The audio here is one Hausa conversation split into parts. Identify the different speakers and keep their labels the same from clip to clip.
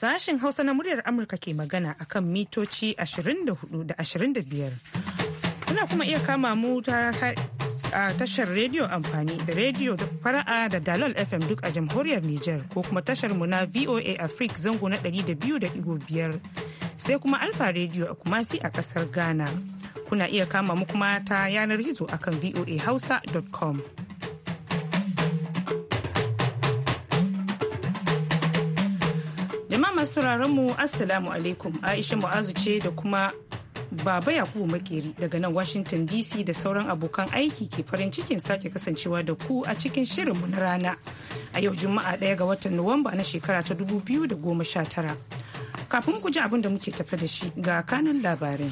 Speaker 1: Sashen Hausa na muryar Amurka ke magana a kan mitoci 24 da 25. Kuna kuma iya kama mu ta tashar rediyo amfani da rediyo da fara'a da dalal FM duk a jamhuriyar Nijar ko kuma tashar mu na VOA Africa zango na 200.5 sai kuma Alfa rediyo a Kumasi a kasar Ghana. Kuna iya kama mu kuma ta yanar gizo akan voahausa.com. masu mu assalamu alaikum aisha mu'azu ce da kuma baba yakubu makeri daga nan washington dc da sauran abokan aiki ke farin cikin sake kasancewa da ku a cikin shirinmu na rana a yau juma'a ɗaya ga watan nuwamba na shekara ta dubu biyu da goma sha tara. kafin ku ji abin da muke tafe da shi ga kanan labarin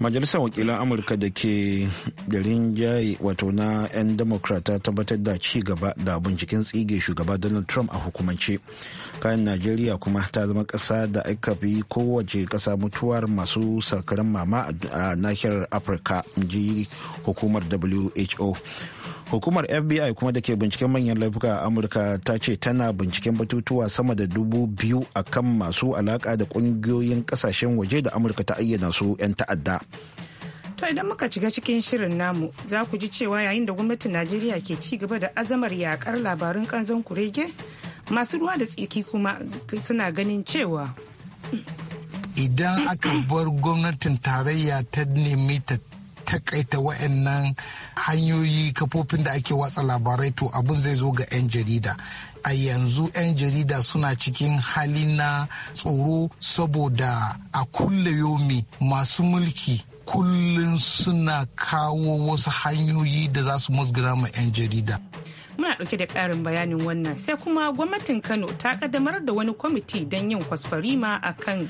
Speaker 2: majalisar wakilan amurka da ke garin jayi wato na 'yan democrat ta tabbatar da ci gaba da binciken tsige shugaba donald trump a hukumance kayan najeriya kuma ta zama ƙasa da aka fi kowace ƙasa mutuwar masu sakaran mama a nahiyar afirka ji hukumar who hukumar fbi kuma da ke binciken manyan laifuka a amurka ta ce tana binciken batutuwa sama da dubu biyu a kan masu alaka da kungiyoyin kasashen waje da amurka ta ayyana su 'yan ta'adda
Speaker 1: to idan muka shiga cikin shirin namu za ku ji cewa yayin da gwamnatin najeriya ke ci gaba da azamar yakar labarun kanzon kurege masu ruwa da tsiki kuma suna ganin cewa
Speaker 3: idan aka bar gwamnatin tarayya ta nemi ta takaita wa'annan hanyoyi kafofin da ake watsa labarai to abun zai zo ga 'yan jarida a yanzu 'yan jarida suna cikin hali na tsoro saboda a kulle yomi masu mulki kullum suna kawo wasu hanyoyi da za su musgura ma 'yan jarida
Speaker 1: muna ɗauke da ƙarin bayanin wannan sai kuma gwamnatin kano ta ƙaddamar da wani kwamiti don yin kwasfarima a kan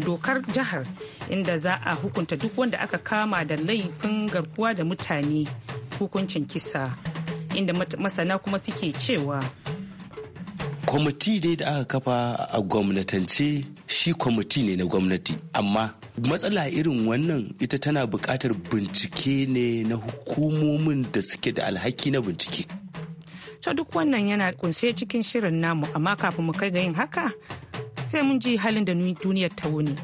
Speaker 1: dokar jihar inda za a hukunta duk wanda aka kama da laifin garkuwa da mutane hukuncin kisa inda masana kuma suke cewa
Speaker 4: kwamiti dai da aka kafa a gwamnatance shi kwamiti ne na gwamnati amma matsala irin wannan ita tana buƙatar bincike ne na hukumomin da suke da alhaki na bincike
Speaker 1: to duk wannan yana kunshe cikin shirin namu amma kafin mu kai ga yin haka sai mun ji halin da duniyar ta wuni.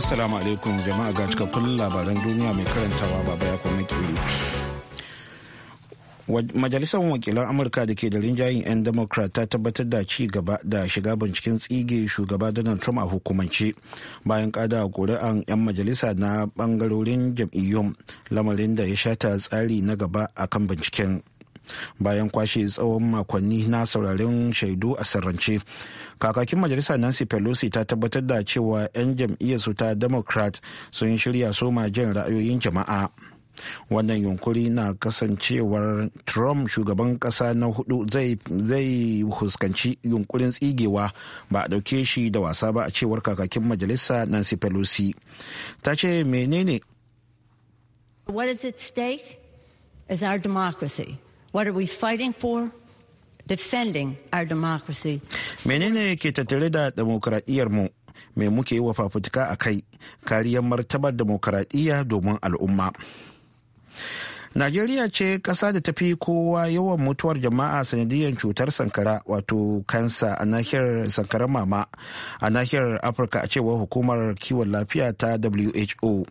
Speaker 2: Assalamu alaikum jama'a ga cikakkun labaran duniya mai karantawa baba ya kuma kiri. majalisar wakilan amurka da ke da rinjayen 'yan democrat ta tabbatar da ci gaba da shiga binciken tsige shugaba donald trump a hukumance bayan kada kuri'an 'yan majalisa na bangarorin jam'iyyun lamarin da ya shata tsari na gaba a kan binciken bayan kwashe tsawon makonni na sauraren shaidu a sarrance kakakin majalisa nancy pelosi ta tabbatar da cewa 'yan jam'iyyarsu ta democrat sun shirya soma jin ra'ayoyin jama'a wannan yunkuri na kasancewar trump shugaban kasa na hudu zai huskanci yunkurin tsigewa ba a dauke shi da wasa ba a cewar kakakin majalisa nancy pelosi ta ce menene
Speaker 5: what is at stake is our democracy what are we fighting for defending our democracy
Speaker 2: menene ke tattare da mu mai muke yi wa fafutuka a kai kariyar martabar demokradiyya domin al'umma najeriya ce ƙasa da tafi kowa yawan mutuwar jama'a sanadiyar cutar sankara wato kansa a nahiyar sankara mama a nahiyar afirka a cewar hukumar kiwon lafiya ta who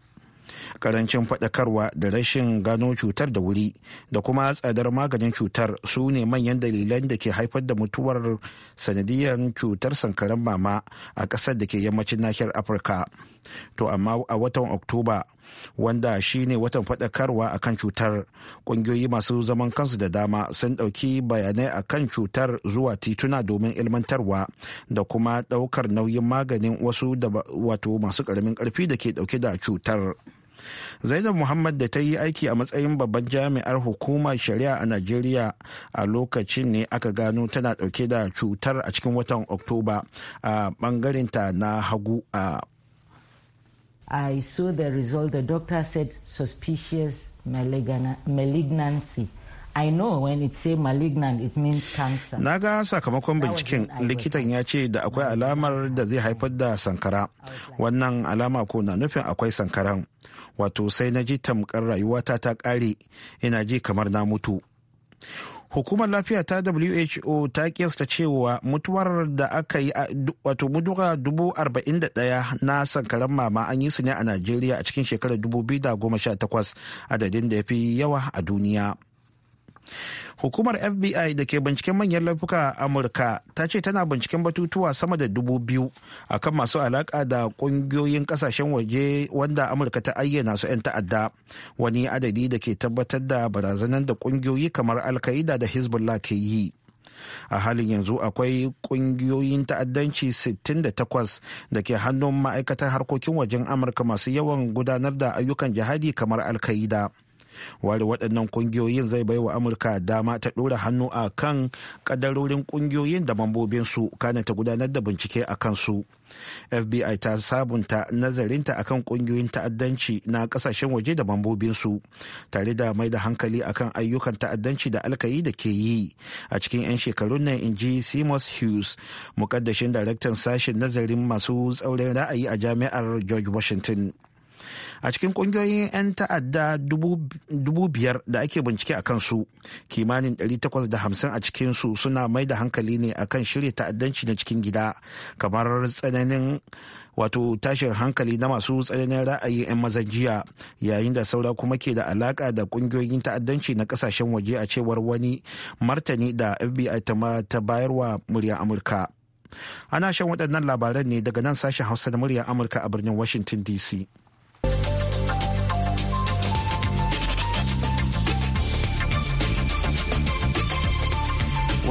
Speaker 2: karancin faɗakarwa da rashin gano cutar da wuri da kuma tsadar maganin cutar su ne manyan dalilan da ke haifar da mutuwar sanadiyar cutar sankaran mama a ƙasar da ke yammacin nahiyar afirka to amma a watan oktoba wanda shine watan faɗakarwa a kan cutar ƙungiyoyi masu zaman kansu da dama sun ɗauki bayanai a kan cutar zuwa tituna domin ilmantarwa da kuma ɗaukar nauyin maganin wasu da wato masu ƙaramin ƙarfi da ke ɗauke da cutar. zainab muhammad da ta yi aiki a matsayin babban jami'ar hukumar shari'a a najeriya a lokacin ne aka gano tana dauke da cutar a cikin watan oktoba a bangarenta na hagu a
Speaker 1: I saw the result. The doctor said suspicious malignancy. I know when it say malignant it means cancer. Na
Speaker 2: ga sakamakon binciken likitan ya ce da akwai alamar da zai haifar da sankara. Wannan alama ko na nufin akwai sankaran. Wato sai na ji tamkar rayuwata ta ƙare ina ji kamar na mutu. hukumar lafiya ta who ta kiyasta cewa mutuwar da aka yi wato mutuwa dubu arba'in da daya na sankaran mama an yi su ne a najeriya a cikin shekarar dubu biyu da goma sha takwas adadin da ya fi yawa a duniya hukumar fbi da ke binciken manyan laifuka a amurka ta ce tana binciken batutuwa sama da dubu biyu a kan masu alaka da kungiyoyin kasashen waje wanda amurka ta ayyana su 'yan ta'adda wani adadi da ke tabbatar da barazanar da kungiyoyi kamar alkaida da hezbollah ke yi a halin yanzu akwai kungiyoyin ta'addanci 68 da ke hannun ma'aikatar harkokin wajen amurka masu yawan gudanar da ayyukan jihadi kamar alkaida ware waɗannan ƙungiyoyin zai baiwa amurka dama ta ɗora hannu a kan ƙadarorin ƙungiyoyin da mambobinsu kana ta gudanar da bincike a kansu fbi ta sabunta nazarinta akan ƙungiyoyin ta'addanci na ƙasashen waje da mambobinsu tare da mai da hankali akan ayyukan ta'addanci da alkayi da ke yi a cikin 'yan shekarun nan in ji simos hughes mukaddashin daraktan sashen nazarin masu tsaurin ra'ayi a jami'ar george washington a cikin kungiyoyin 'yan ta'adda dubu biyar da ake bincike a kansu kimanin 850 a cikinsu suna mai da hankali ne a kan shirya ta'addanci na cikin gida kamar tsananin wato tashin hankali na masu tsananin ra'ayi 'yan mazan jiya yayin da saura kuma ke da alaka da kungiyoyin ta'addanci na kasashen waje a cewar wani martani da fbi ta bayarwa murya amurka ana shan waɗannan labaran ne daga nan sashen hausa da murya amurka a birnin washington dc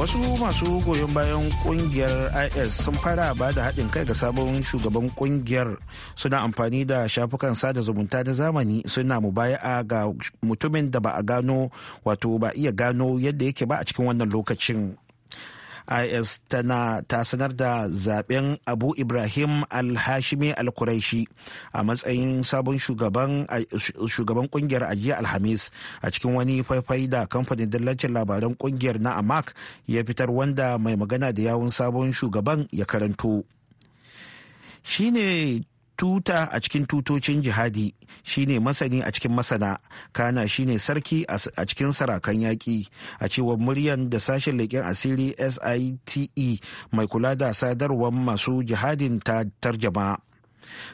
Speaker 2: wasu masu goyon bayan kungiyar is sun fara ba da haɗin kai ga sabon shugaban kungiyar suna amfani da shafukan sada zumunta na zamani suna mu mubaya'a ga mutumin da ba a gano wato ba iya gano yadda yake ba a cikin wannan lokacin is tana ta sanar da zaben abu ibrahim al-hashimi a matsayin sabon shugaban kungiyar ajiya alhamis a cikin wani faifai da kamfanin dillacin labaran kungiyar na amak ya fitar wanda mai magana da yawun sabon shugaban ya karanto shine tuta a cikin tutocin jihadi shine masani a cikin masana kana shine sarki a cikin sarakan yaƙi a cewar muryan da sashen leƙen asiri site mai kula da sadarwar masu jihadin ta tarjama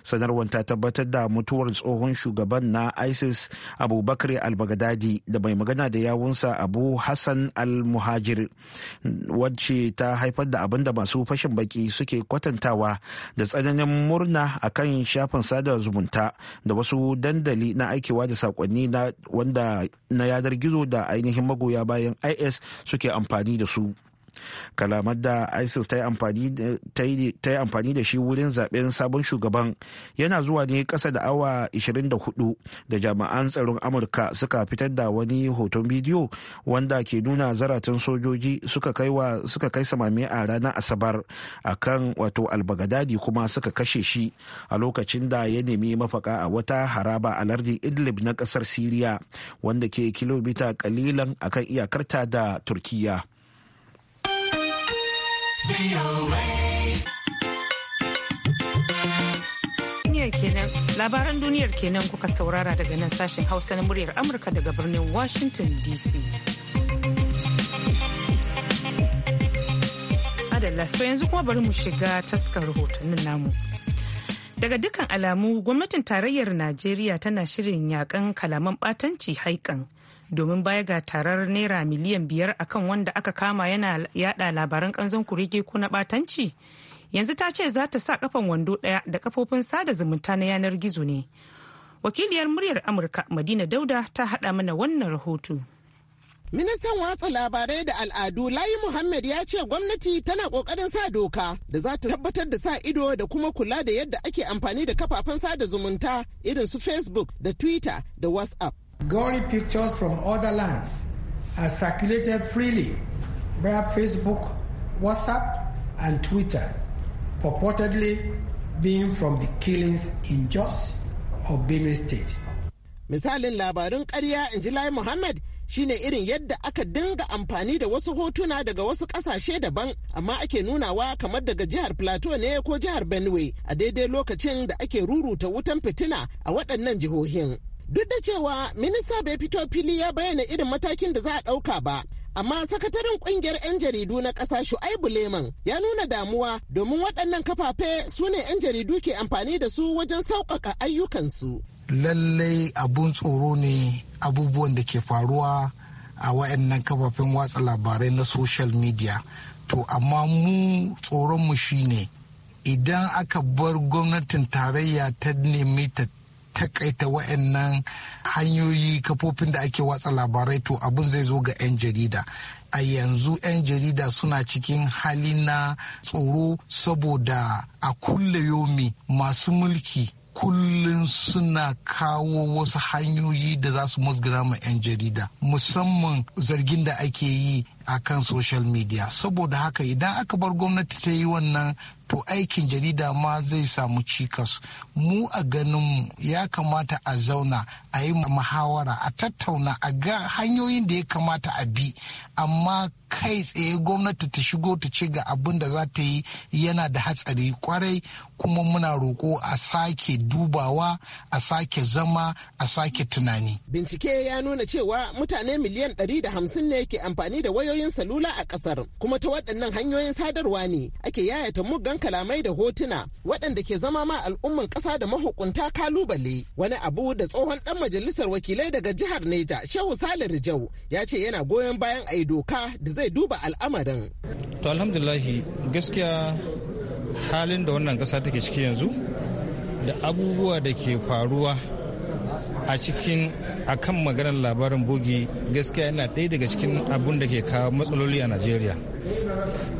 Speaker 2: sanarwar ta tabbatar da mutuwar tsohon shugaban na isis abubakar al da mai magana da yawunsa abu hassan al-muhajir wacce ta haifar da abinda masu fashin baki suke kwatantawa da tsananin murna a kan shafin sada zumunta da wasu dandali na aikewa da saƙonni na wanda na yanar gizo da ainihin magoya bayan is suke amfani da su. kalamar da isis ta yi amfani da shi wurin zaben sabon shugaban yana zuwa ne kasa da awa 24 da jami'an tsaron amurka suka fitar da wani hoton bidiyo wanda ke nuna zaratan sojoji suka kai samami a ranar asabar a kan wato albagadadi kuma suka kashe shi a lokacin da ya nemi mafaka a wata haraba a lardin idlib na kasar siriya wanda ke kilomita kalilan akan iyakarta da turkiyya.
Speaker 1: labaran duniyar kenan kuka saurara daga nan sashen hausa na muryar amurka daga birnin washington dc adalla yanzu kuma bari mu shiga taskar rahotannin namu daga dukkan alamu gwamnatin tarayyar najeriya tana shirin yakan kalaman batanci haikan domin baya ga tarar naira miliyan biyar akan wanda aka kama yana yada labaran kanzon kurege ko na batanci yanzu ta ce za ta sa kafan wando daya da kafofin sada zumunta na yanar gizo ne wakiliyar muryar amurka madina dauda ta hada mana wannan rahoto
Speaker 6: Ministan watsa labarai da al'adu Layi Muhammad ya ce gwamnati tana kokarin sa doka da za ta tabbatar da sa ido da kuma kula da yadda ake amfani da kafafen sada zumunta irin su Facebook da Twitter da WhatsApp. Gory pictures from
Speaker 3: other lands are circulated freely via Facebook, WhatsApp, and Twitter, purportedly being from the killings in Jos or Benue State.
Speaker 6: Misalin labarun ƙarya in ji Lai Muhammad shine irin yadda aka dinga amfani da wasu hotuna daga wasu ƙasashe daban amma ake nunawa kamar daga jihar plateau ne ko jihar benue a daidai lokacin da ake ruruta wutan fitina a waɗannan jihohin Duk da cewa minista bai fito fili ya bayyana irin matakin da za a ɗauka ba, amma sakataren kungiyar 'yan jaridu na ƙasa shu'aibu leman ya nuna damuwa domin waɗannan kafafe su ne 'yan jaridu ke amfani da su wajen
Speaker 3: sauƙaƙa ayyukansu. lallai abun tsoro ne abubuwan da ke faruwa a wa'annan kafafen watsa labarai na social media to amma mu tsoron tsoronmu shine idan aka bar gwamnatin tarayya ta nemi ta takaita wa'annan hanyoyi kafofin da ake watsa labarai to abin zai zo ga 'yan jarida a yanzu 'yan jarida suna cikin hali na tsoro saboda a kulle yomi masu mulki kullum suna kawo wasu hanyoyi da za su musgura ma 'yan jarida musamman zargin da ake yi a kan social media saboda haka idan aka bar gwamnati ta yi wannan to aikin jarida ma zai samu cikas mu a ganinmu ya kamata a zauna a yi muhawara a tattauna a ga hanyoyin da ya kamata a bi amma kai tsaye gwamnati ta shigo ta ce ga abin da za ta yi yana da hatsari kwarai kuma muna roko a sake dubawa a sake zama a sake tunani
Speaker 6: bincike ya nuna cewa mutane miliyan 150 ne ke amfani da wayoyi wayoyin salula a kasar kuma ta waɗannan hanyoyin sadarwa ne ake yayata muggan kalamai da hotuna waɗanda ke zama ma al'umman ƙasa da mahukunta kalubale wani abu da tsohon ɗan majalisar wakilai daga jihar Neja Shehu salir jau ya ce yana goyon bayan a yi doka da zai duba al'amarin.
Speaker 7: To alhamdulahi gaskiya halin da wannan ƙasa take ciki yanzu da abubuwa da ke faruwa a cikin akan maganar labarin bogi gaskiya yana ɗaya daga cikin abun da ke kawo matsaloli a najeriya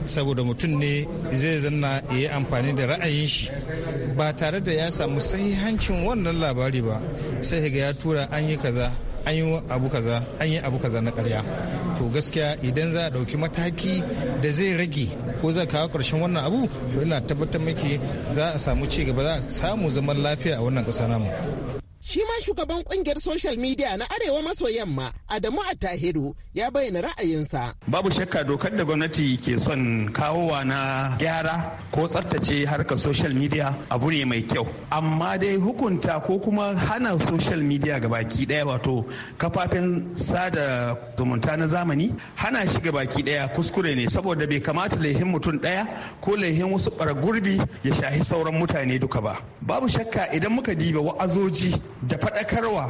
Speaker 7: saboda mutum ne zai zanna ya yi amfani da ra'ayin shi ba tare da ya samu sahihancin wannan labari ba sai ga ya tura an yi kaza an yi abu kaza an yi abu kaza na karya to gaskiya idan za a ɗauki mataki da zai rage ko zai kawo ƙarshen wannan abu to ina tabbatar miki za a samu ci gaba za a samu zaman lafiya a wannan ƙasa namu
Speaker 6: Shi ma shugaban kungiyar social media na Arewa maso yamma Adamu Attahiru ya bayyana ra'ayinsa.
Speaker 7: Babu shakka dokar da gwamnati ke son kawowa na gyara ko tsaftace harkar social media abu ne mai kyau. Amma dai hukunta ko kuma hana social media ga baki daya wato kafafen sada zumunta na zamani hana shi ga baki daya kuskure ne saboda bai kamata laihin mutum daya ko laihin wasu gurbi ya shahi sauran mutane duka ba. Babu shakka idan muka diba wa'azoji da faɗakarwa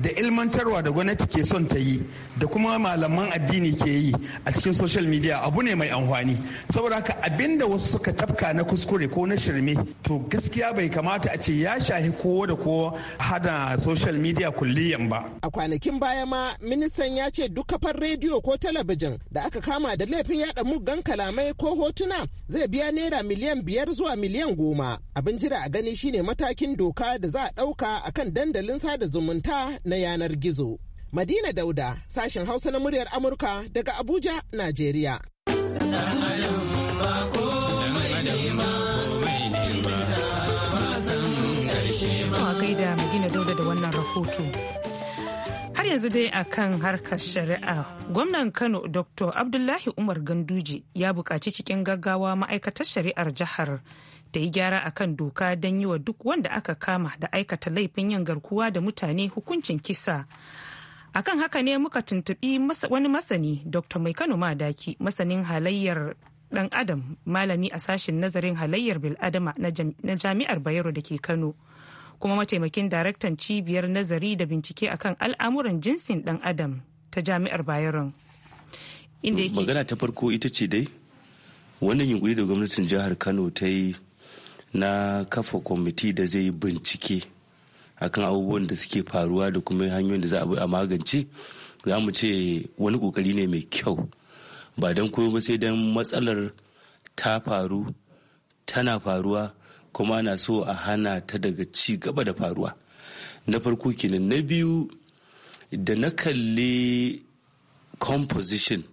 Speaker 7: da ilmantarwa da gwamnati ke son ta yi da kuma malaman addini ke yi a cikin social media abu ne mai amfani saboda haka abinda wasu suka tafka na kuskure ko na shirme to gaskiya bai kamata a ce ya shahi kowa da kowa hada social media kulliyan ba
Speaker 6: a kwanakin baya ma ministan ya ce duk kafar rediyo ko talabijin da aka kama da laifin yada muggan kalamai ko hotuna zai biya naira miliyan biyar zuwa miliyan goma abin jira a gani shine matakin doka da za a dauka akan dandalin sada zumunta na yanar gizo. Madina Dauda, sashen Hausa na muryar Amurka daga Abuja, Najeriya.
Speaker 1: gaida Madina Dauda da wannan rahoto. Har yanzu dai a kan harkar shari'a, gwamnan Kano Dr. Abdullahi Umar Ganduje ya buƙaci cikin gaggawa ma'aikatar shari'ar jihar da yi gyara a kan doka don yi wa duk wanda aka kama da aikata laifin yin garkuwa da mutane hukuncin kisa akan haka ne muka tuntubi wani masani dr mai kano madaki masanin halayyar dan adam malami a sashen nazarin halayyar biladama na jami'ar bayero da ke kano kuma mataimakin daraktan cibiyar nazari da bincike akan al'amuran jinsin dan adam ta jami'ar bayero
Speaker 4: magana ta farko ita ce dai wannan yunkuri da gwamnatin jihar kano ta yi na kafa kwamiti da zai yi bincike akan abubuwan da suke faruwa da kuma hanyoyin da za a magance za mu ce wani kokari ne mai kyau ba don koyo ba sai don matsalar ta faru tana faruwa kuma ana so a hana ta daga ci gaba da faruwa na farko kenan na biyu da na kalli composition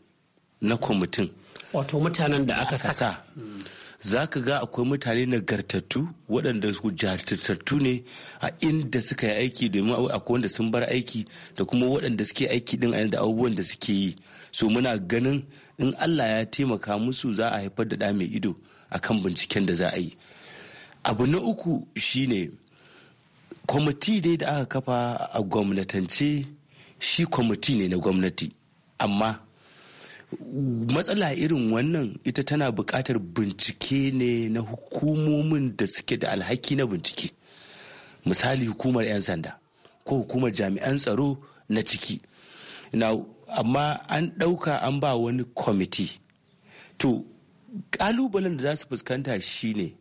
Speaker 4: na kwamitin wato mutanen da aka sa hmm. za ka ga akwai mutane nagartattu waɗanda jartattu ne a inda suka yi aiki domin akwai wanda sun bar aiki da kuma waɗanda suke aiki ɗin a yadda abubuwan da suke yi so muna ganin in allah ya taimaka musu za a haifar da ɗa mai ido a kan binciken da za a yi abu na uku shine kwamiti dai da aka kafa a gwamnatance shi kwamiti ne na gwamnati amma matsala irin wannan ita tana buƙatar bincike ne na hukumomin da suke da alhaki na bincike misali hukumar 'yan sanda ko hukumar jami'an tsaro na ciki amma an ɗauka an ba wani kwamiti to ƙalubalen da za su fuskanta shine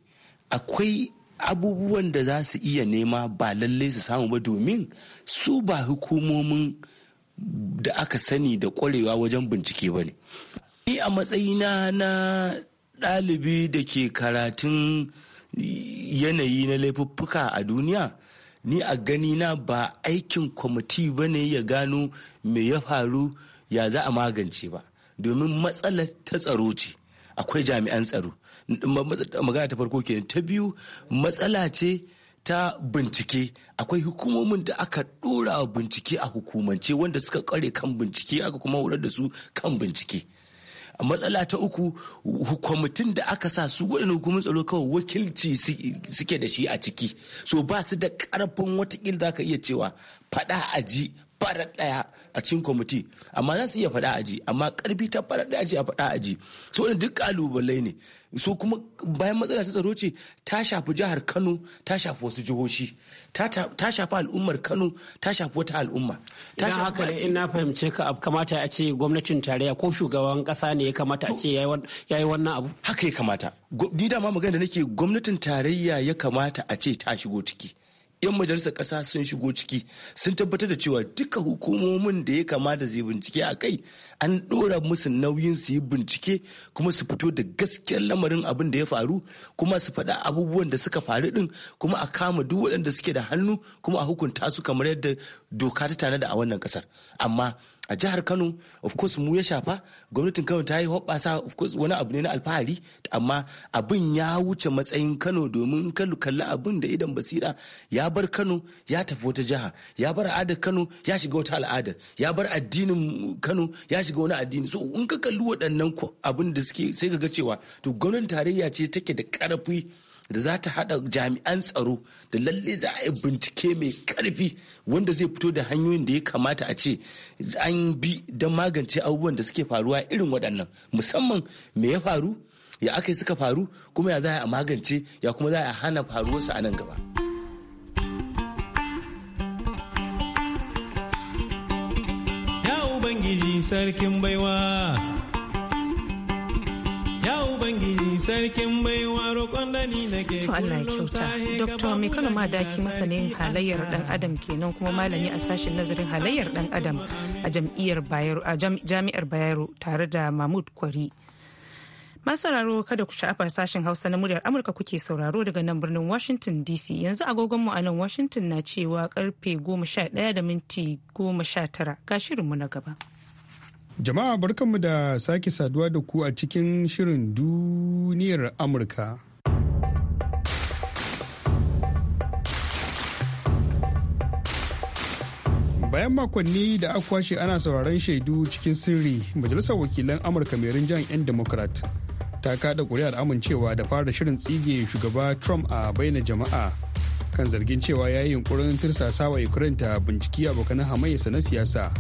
Speaker 4: akwai abubuwan da za su iya nema ba lallai su samu ba domin su ba hukumomin da aka sani da kwarewa wajen bincike ba ne ni a matsayina na ɗalibi da ke karatun yanayi na laifuffuka a duniya ni a ganina ba aikin kwamiti ba ne ya gano mai ya faru ya za a magance ba domin matsalar ta tsaro ce akwai jami'an tsaro magana ta farko kenan ta biyu matsala ce ta bincike akwai hukumomin da aka dora bincike a hukumance wanda suka kware kan bincike aka kuma horar da su kan bincike a matsala ta uku kwamitin da aka sa su wadanda hukumin tsaro kawai wakilci suke da shi a ciki so ba su da ƙarfin watakila za ka iya cewa faɗa a ji farar daya a cikin kwamiti amma za su iya faɗa aji amma karfi ta farar daya ce a faɗa aji su wani duk kalubalai ne su kuma bayan matsala ta tsaro ce ta shafi jihar kano ta shafi wasu jihohi ta shafi al'ummar kano ta shafi wata al'umma ta shafi haka in na fahimce ka kamata a ce gwamnatin tarayya ko shugaban kasa ne ya kamata a ce ya yi wannan abu haka ya kamata ni dama magana da nake gwamnatin tarayya ya kamata a ce ta shigo ciki 'yan majalisar ƙasa sun shigo ciki sun tabbatar da cewa duka hukumomin da ya kamata su yi bincike a kai an ɗora musu nauyin su yi bincike kuma su fito da gaskiyar lamarin abin da ya faru kuma su faɗa abubuwan da suka faru ɗin kuma a kama duk waɗanda suke da hannu kuma a hukunta su kamar yadda doka ta tanada a wannan ƙasar amma a jihar kano of course mu ya shafa gwamnatin kano ta yi hoɓasa of course wani abu ne na alfahari amma abin ya wuce matsayin kano domin kallu kalli abin da idan basira ya bar kano ya tafi wata jiha ya bar al'adar kano ya shiga wata al'adar ya bar addinin kano ya shiga wani addini so in ka kalli waɗannan abin da suke sai ka ga cewa to gwamnatin tarayya ce take da ƙarfi da za ta haɗa jami'an tsaro da lalle za a yi bincike mai ƙarfi wanda zai fito da hanyoyin da ya kamata a ce an bi don magance abubuwan da suke faruwa irin waɗannan musamman me ya faru ya aka suka faru kuma ya za a magance ya kuma za a hana faruwarsu a nan gaba. Ya Ubangiji sarkin baiwa. ubangiji sarkin baiwa roƙon da ni nake to Allah kyauta dr
Speaker 1: mekano madaki masanin halayyar dan adam kenan kuma malami a sashen nazarin halayyar dan adam a jam'iyyar bayero a jami'ar bayero tare da mahmud kwari masararo kada ku sha'afa sashen hausa na muryar amurka kuke sauraro daga nan birnin washington dc yanzu agogonmu a nan washington na cewa karfe 11 da minti 19 ga shirinmu na gaba.
Speaker 7: Jama'a barkanmu da sake saduwa da ku a cikin shirin duniyar Amurka. Bayan makonni da aka kwashe ana sauraron shaidu cikin sirri, Majalisar Wakilan Amurka mai rinjan 'yan Democrat ta kada kuri'ar amincewa da fara shirin tsige shugaba Trump a baina jama'a kan zargin cewa ya yi yunkurin tirsasawa Ukraine ta binciki abokan hamayyarsa na siyasa.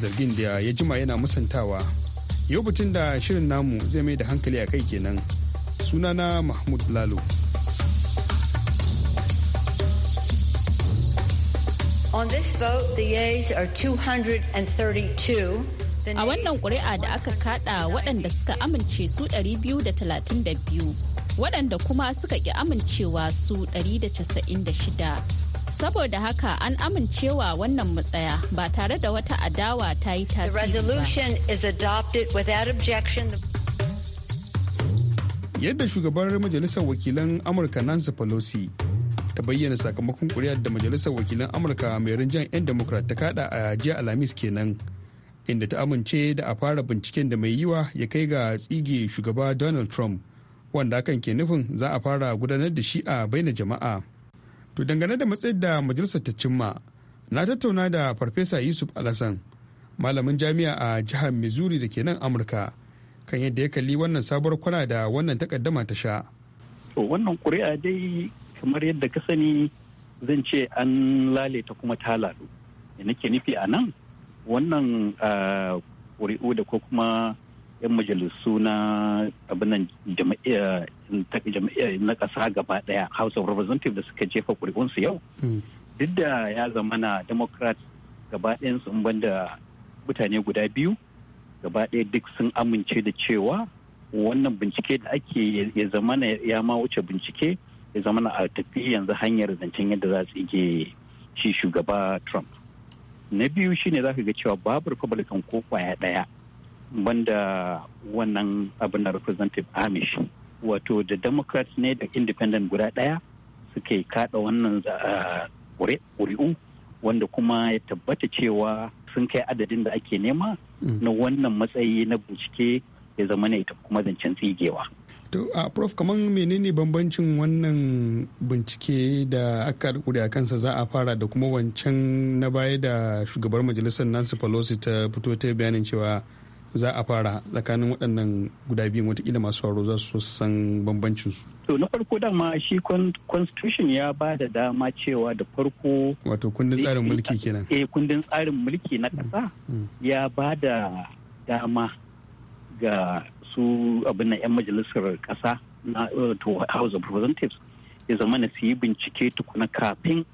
Speaker 7: zargin da ya jima yana musantawa yau batun da shirin namu zai mai da hankali a kai kenan sunana mahmud lalo A wannan ƙuri'a da aka kada waɗanda suka amince su 232, waɗanda kuma suka ƙi amincewa su 196. Saboda haka an amincewa wannan matsaya ba tare da wata adawa ta yi
Speaker 5: tasiri objection.
Speaker 7: Yadda shugabar Majalisar Wakilan Amurka Nancy Pelosi ta bayyana sakamakon kuri'a da Majalisar Wakilan Amurka mai rinjan 'yan Democrat ta kada a jiya Alhamis kenan. inda ta amince da a fara binciken da mai yiwa ya kai ga tsige shugaba donald trump wanda hakan ke nufin za a fara gudanar da shi a baina jama'a To dangane da matsayin da majalisar ta cimma, na tattauna da Farfesa Yusuf Alasan, malamin jami'a a jihar Missouri da ke nan Amurka, kan yadda ya kalli wannan sabuwar kwana da wannan
Speaker 5: takaddama ta sha. To wannan ƙuri'a dai kamar yadda ka sani zan ce an lalata kuma ta lalu. Da nake nufi a nan wannan ƙuri'u da ko kuma 'yan majalisu na abinan na ƙasa gaba ɗaya house of representatives da suka jefa ƙuri'unsu yau hmm. duk da ya zama na democrat gaba sun banda mutane guda biyu gaba ɗaya duk sun amince da cewa wannan bincike da ake ya zama na ya ma wuce bincike ya zama na a tafi yanzu hanyar zancen yadda za su ige shi shugaba trump na biyu shine za ka ga cewa babu republican ko kwaya ɗaya banda wannan abin na representative amish wato da democrats ne da independent guda ɗaya suke kada wannan ah, ƙuri'u wanda kuma ya tabbata cewa sun kai adadin da ake nema mm. na wannan matsayi na bincike ya zama ne ita kuma zancen tsigewa. To,
Speaker 7: a ah, prof kamar menene bambancin wannan bincike da aka a kansa za a fara da kuma wancan na baya da shugabar majalisar Nancy Pelosi ta fito ta bayanin cewa za a fara tsakanin waɗannan guda biyun watakila masu sauraro za su
Speaker 5: san
Speaker 7: bambancin su.
Speaker 5: To na farko dama shi constitution ya ba da dama cewa da farko.
Speaker 7: Wato kundin tsarin mulki kenan.
Speaker 5: Eh kundin tsarin mulki na ƙasa mm, mm. ya ba da dama ga su abin 'yan majalisar ƙasa na to House of Representatives ya zama na su yi bincike tukuna kafin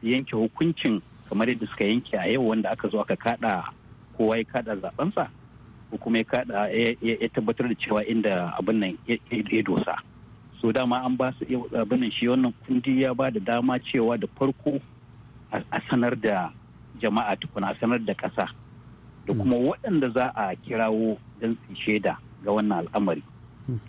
Speaker 5: su yanke hukuncin kamar yadda suka yanke a yau wanda aka zo aka kada kowa ya kada zaben sa. ko kuma ya kada ya tabbatar da cewa inda abin nan ya dosa so dama an ba su abin nan shi wannan kundi ya ba da dama cewa da farko a sanar da jama'a tukuna a sanar da ƙasa da kuma waɗanda za a kirawo don su shaida ga wannan al'amari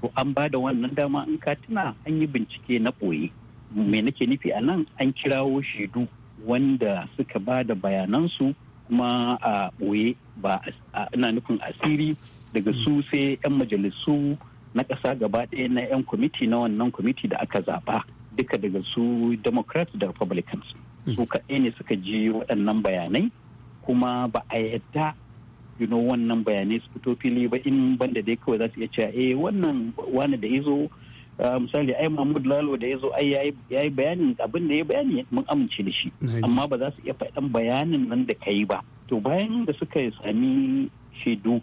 Speaker 5: to an ba da wannan dama in ka tuna an yi bincike na ɓoye me nake nufi a nan an kirawo shaidu wanda suka ba da bayanansu kuma a ɓoye ba ina nufin asiri daga su sai 'yan majalisu na ƙasa gaba ɗaya na 'yan kwamiti na wannan kwamiti da aka zaɓa duka daga su democrats da republicans hmm. su kaɗai ne suka ji waɗannan bayanai kuma ba a yadda you know wannan bayanai su fito fili ba in banda dai kawai za su iya cewa eh wannan wani da izo Uh, misali ai mahmud lalo da ya zo ai ya yi bayanin abin da ya bayani mun amince da shi amma ba za su iya faɗan bayanin nan da ka yi ba to bayan da suka sami shaidu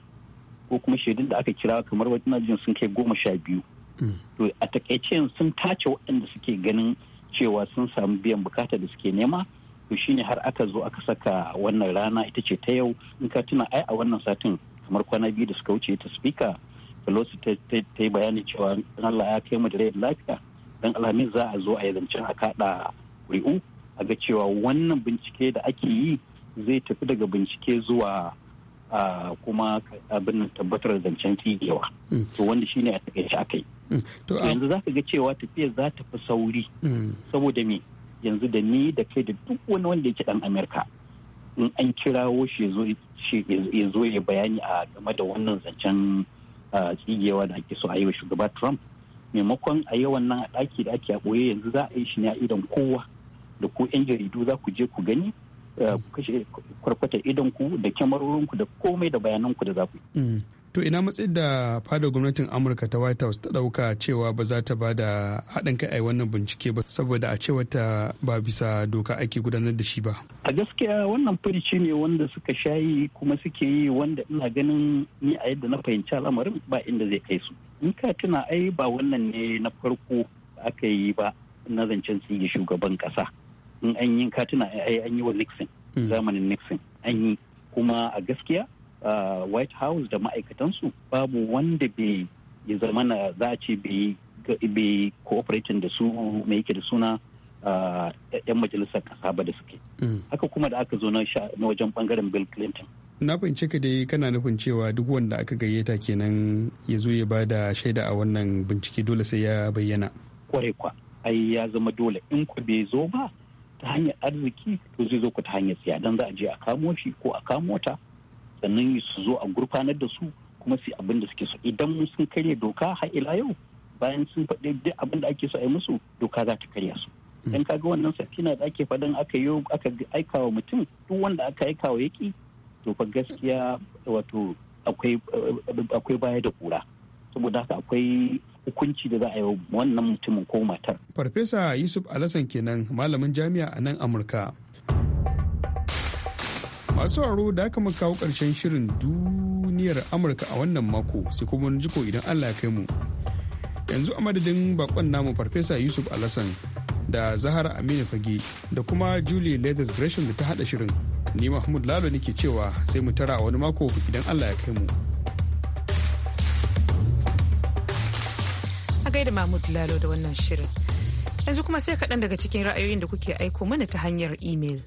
Speaker 5: ko kuma shaidun da aka kira kamar wajen jin sun kai goma sha biyu mm. to a takaice sun tace waɗanda suke ganin cewa sun samu biyan bukata da suke nema to shine har aka zo aka saka wannan rana ita ce ta yau in ka tuna ai a wannan satin kamar kwana biyu da suka wuce ta spika Pelosi ta yi bayani cewa in Allah ya kai mu da rai lafiya dan alhamis za a zo a yi zancen a kaɗa ƙuri'u a ga cewa wannan bincike da ake yi zai tafi daga bincike zuwa kuma abin tabbatar da zancen tsigewa mm. to wanda shi ne a takaice akai mm. yanzu za ka ga cewa tafiyar za ta fi sauri mm. saboda me yanzu da ni da kai da duk wani wanda yake dan amerika in an kirawo shi ya zo ya bayani a game da wannan zancen tsigewa da ake so a yi wa shugaba trump maimakon a yi wannan a ɗaki da ake a ɓoye yanzu za a yi shi ne a idon kowa da ku 'yan jaridu za ku je ku gani eh, ku kashe kwarkwata idon ku da kyamarorinku da komai da bayananku da za ku
Speaker 7: yi mm. to ina matsayin da fadar gwamnatin amurka ta white house ta dauka cewa ba za ta ba da haɗin kai a yi wannan bincike ba saboda a cewa ta ba bisa doka ake gudanar da shi ba
Speaker 5: a gaskiya wannan furici ne wanda suka shayi kuma suke yi wanda ina ganin ni a yadda na fahimci al'amarin ba inda zai kai su in ka tuna ai ba wannan ne na farko aka yi ba na zancen tsige shugaban kasa in an yi ka tuna ai an yi wa nixon hmm. zamanin nixon an yi kuma a gaskiya white house da ma'aikatansu babu wanda bai zama na za a ce bai cooperating da su mai yake da suna yan majalisar kasa ba da suke mm. haka kuma da aka zo na wajen bangaren bill clinton
Speaker 7: na fahimci ka dai kana nufin cewa duk wanda aka gayyata kenan ya zo ya ba da shaida a wannan bincike dole
Speaker 5: sai ya bayyana kwarai kwa ai ya zama dole in ku bai zo ba ta hanyar arziki to zai zo ku ta hanyar siya don za a je a kamo shi ko a kamo ta sannan su zo a gurfanar da su kuma su abin da suke so idan sun karya doka har ila yau bayan sun faɗi duk abin da ake so a yi musu doka za ta karya su hmm. dan kaga wannan sakina da ake fadan aka yi aka aika wa mutum duk wanda aka aika wa yaki to fa gaskiya wato akwai baya da kura saboda haka akwai hukunci da za a yi wa wannan mutumin ko matar
Speaker 7: farfesa yusuf alasan kenan malamin jami'a a nan amurka masu aro da aka muka kawo ƙarshen shirin duniyar amurka a wannan mako sai kuma wani jiko idan allah ya kai mu yanzu a madadin bakon namu farfesa yusuf alasan da zahara aminu fage da kuma julie leathers gresham da ta hada shirin ni mahmud lalo nake cewa sai mu tara a wani mako idan allah ya kai mu
Speaker 1: a gaida mahmud lalo da wannan shirin yanzu kuma sai kaɗan daga cikin ra'ayoyin da kuke aiko mana ta hanyar imel.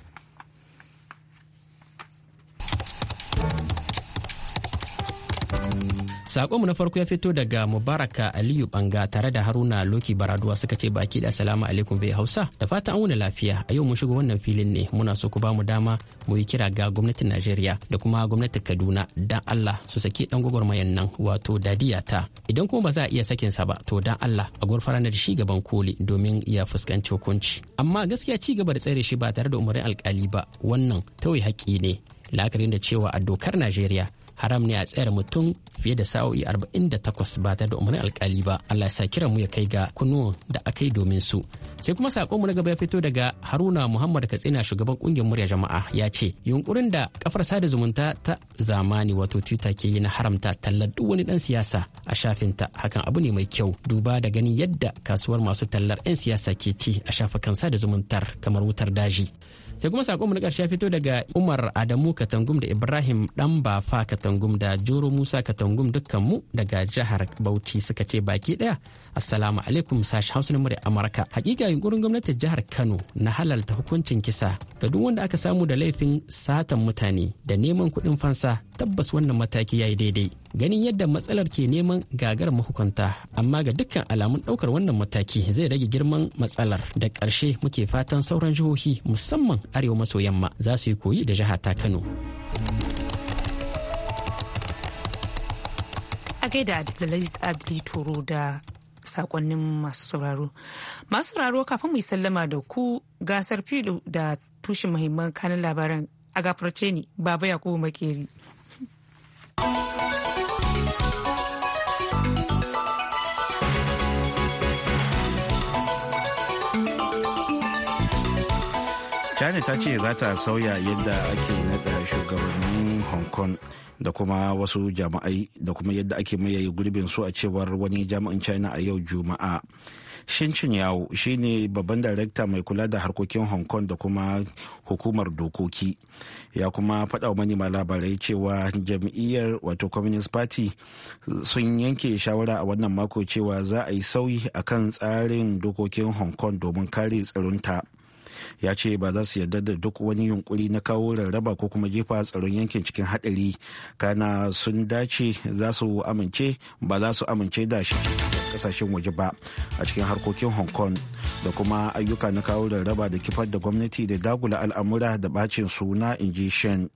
Speaker 8: Sakonmu na farko ya fito daga Mubaraka Aliyu Banga tare da Haruna Loki Baraduwa suka ce baki da salamu alaikum bai Hausa. Da fatan an lafiya a yau mun shigo wannan filin ne muna so ku ba mu dama mu yi kira ga gwamnatin Najeriya da kuma gwamnatin Kaduna dan Allah su saki dan gwagwarmayan nan wato dadiya ta. Idan kuma ba za a iya sakin sa ba to dan Allah a gurfara da shi gaban koli domin ya fuskanci hukunci. Amma gaskiya ci gaba da tsare shi ba tare da umarin alkali ba wannan tawai haƙƙi ne. La'akarin da cewa a dokar Najeriya haram ne a tsayar mutum fiye da sa'o'i arba'in 48 ba tare da umarnin alkali ba Allah ya sa kiran mu ya kai ga kunnuwan da aka yi domin su sai kuma sakon mu na gaba ya fito daga Haruna Muhammad Katsina shugaban kungiyar murya jama'a ya ce yunkurin da kafar sada zumunta ta zamani wato Twitter ke yi na haramta tallar duk wani dan siyasa a shafinta hakan abu ne mai kyau duba da ganin yadda kasuwar masu tallar 'yan siyasa ke ci a shafukan sada zumuntar kamar wutar daji sai kuma sakonmu na ƙarshe fito daga umar adamu katangum da ibrahim dan bafa katangum da joro musa katangum dukkanmu daga jihar bauchi suka ce baki ɗaya Assalamu alaikum sashi Hausa na Amurka. Hakika yunkurin gwamnatin jihar Kano na halalta hukuncin kisa ga duk wanda aka samu da laifin satan mutane da neman kuɗin fansa tabbas wannan mataki ya yi daidai. Ganin yadda matsalar ke neman gagar mahukunta amma ga dukkan alamun ɗaukar wannan mataki zai rage girman matsalar da ƙarshe muke fatan sauran jihohi musamman arewa maso yamma za su yi koyi da jiha ta Kano.
Speaker 1: A gaida Abdullahi Abdi Toro da sakonnin masu sauraro. Masu sauraro kafin mu yi sallama da ku gasar filo da tushen muhimman kanin labaran a gafarce ni baba yakubu makeri.
Speaker 2: china ta ce za ta sauya yadda ake nada shugabannin hong kong da kuma wasu jama'ai da kuma yadda ake maye gurbin su a cewar wani jami'in china a yau juma'a shin yawo shine babban darakta mai kula da harkokin hong kong da kuma hukumar dokoki ya kuma faɗa wa manema labarai cewa jam'iyyar wato communist party sun yanke shawara a wannan mako cewa za a yi sauyi akan tsarin dokokin hong kong domin kare tsaronta. ya ce ba za su yarda da duk wani yunkuri na kawo rarraba ko kuma jefa tsaron yankin cikin haɗari kana sun dace za su amince ba za su amince da shi kasashen waje ba a cikin harkokin hong kong da kuma ayyuka na kawo rarraba da kifar da gwamnati da dagula al'amura da bacin suna in ji shen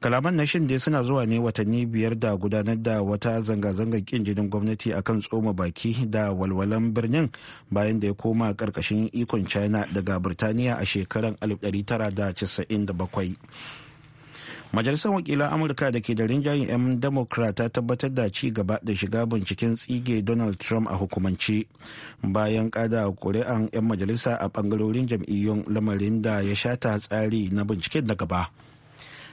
Speaker 2: kalaman na shin dai suna zuwa ne watanni biyar da gudanar da wata zanga-zangar kin jinin gwamnati akan tsoma baki da walwalan birnin bayan da ya koma karkashin ikon china daga birtaniya a shekarar 1997 majalisar wakilan amurka da ke da rinjayen 'yan democrat ta tabbatar da ci gaba da shiga binciken tsige donald trump a hukumance bayan kada kuri'an 'yan majalisa a bangarorin jam'iyyun lamarin da ya shata tsari na binciken na gaba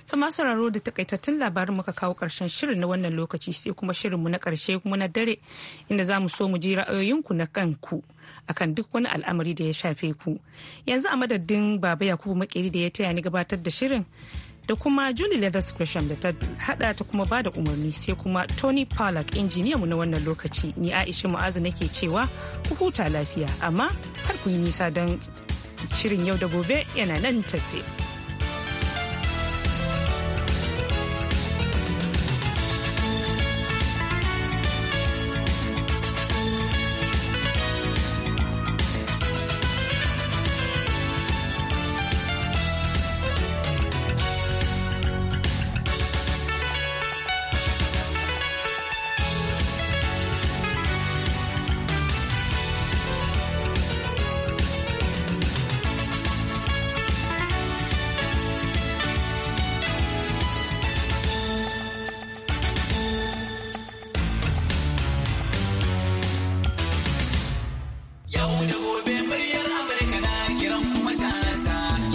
Speaker 1: To masu sauraro da takaitattun labarin muka kawo karshen shirin na wannan lokaci sai kuma shirinmu na karshe kuma na dare inda za mu so mu ji ra'ayoyinku na kanku akan duk wani al'amari da ya shafe ku. Yanzu a madadin Baba Yakubu Makeri da ya taya ni gabatar da shirin da kuma Julie Leathers Gresham da ta hada ta kuma bada umarni sai kuma Tony Pollack injiniyanmu na wannan lokaci ni Aisha Mu'azu nake cewa ku huta lafiya amma kar ku yi nisa don shirin yau da gobe yana nan tafe.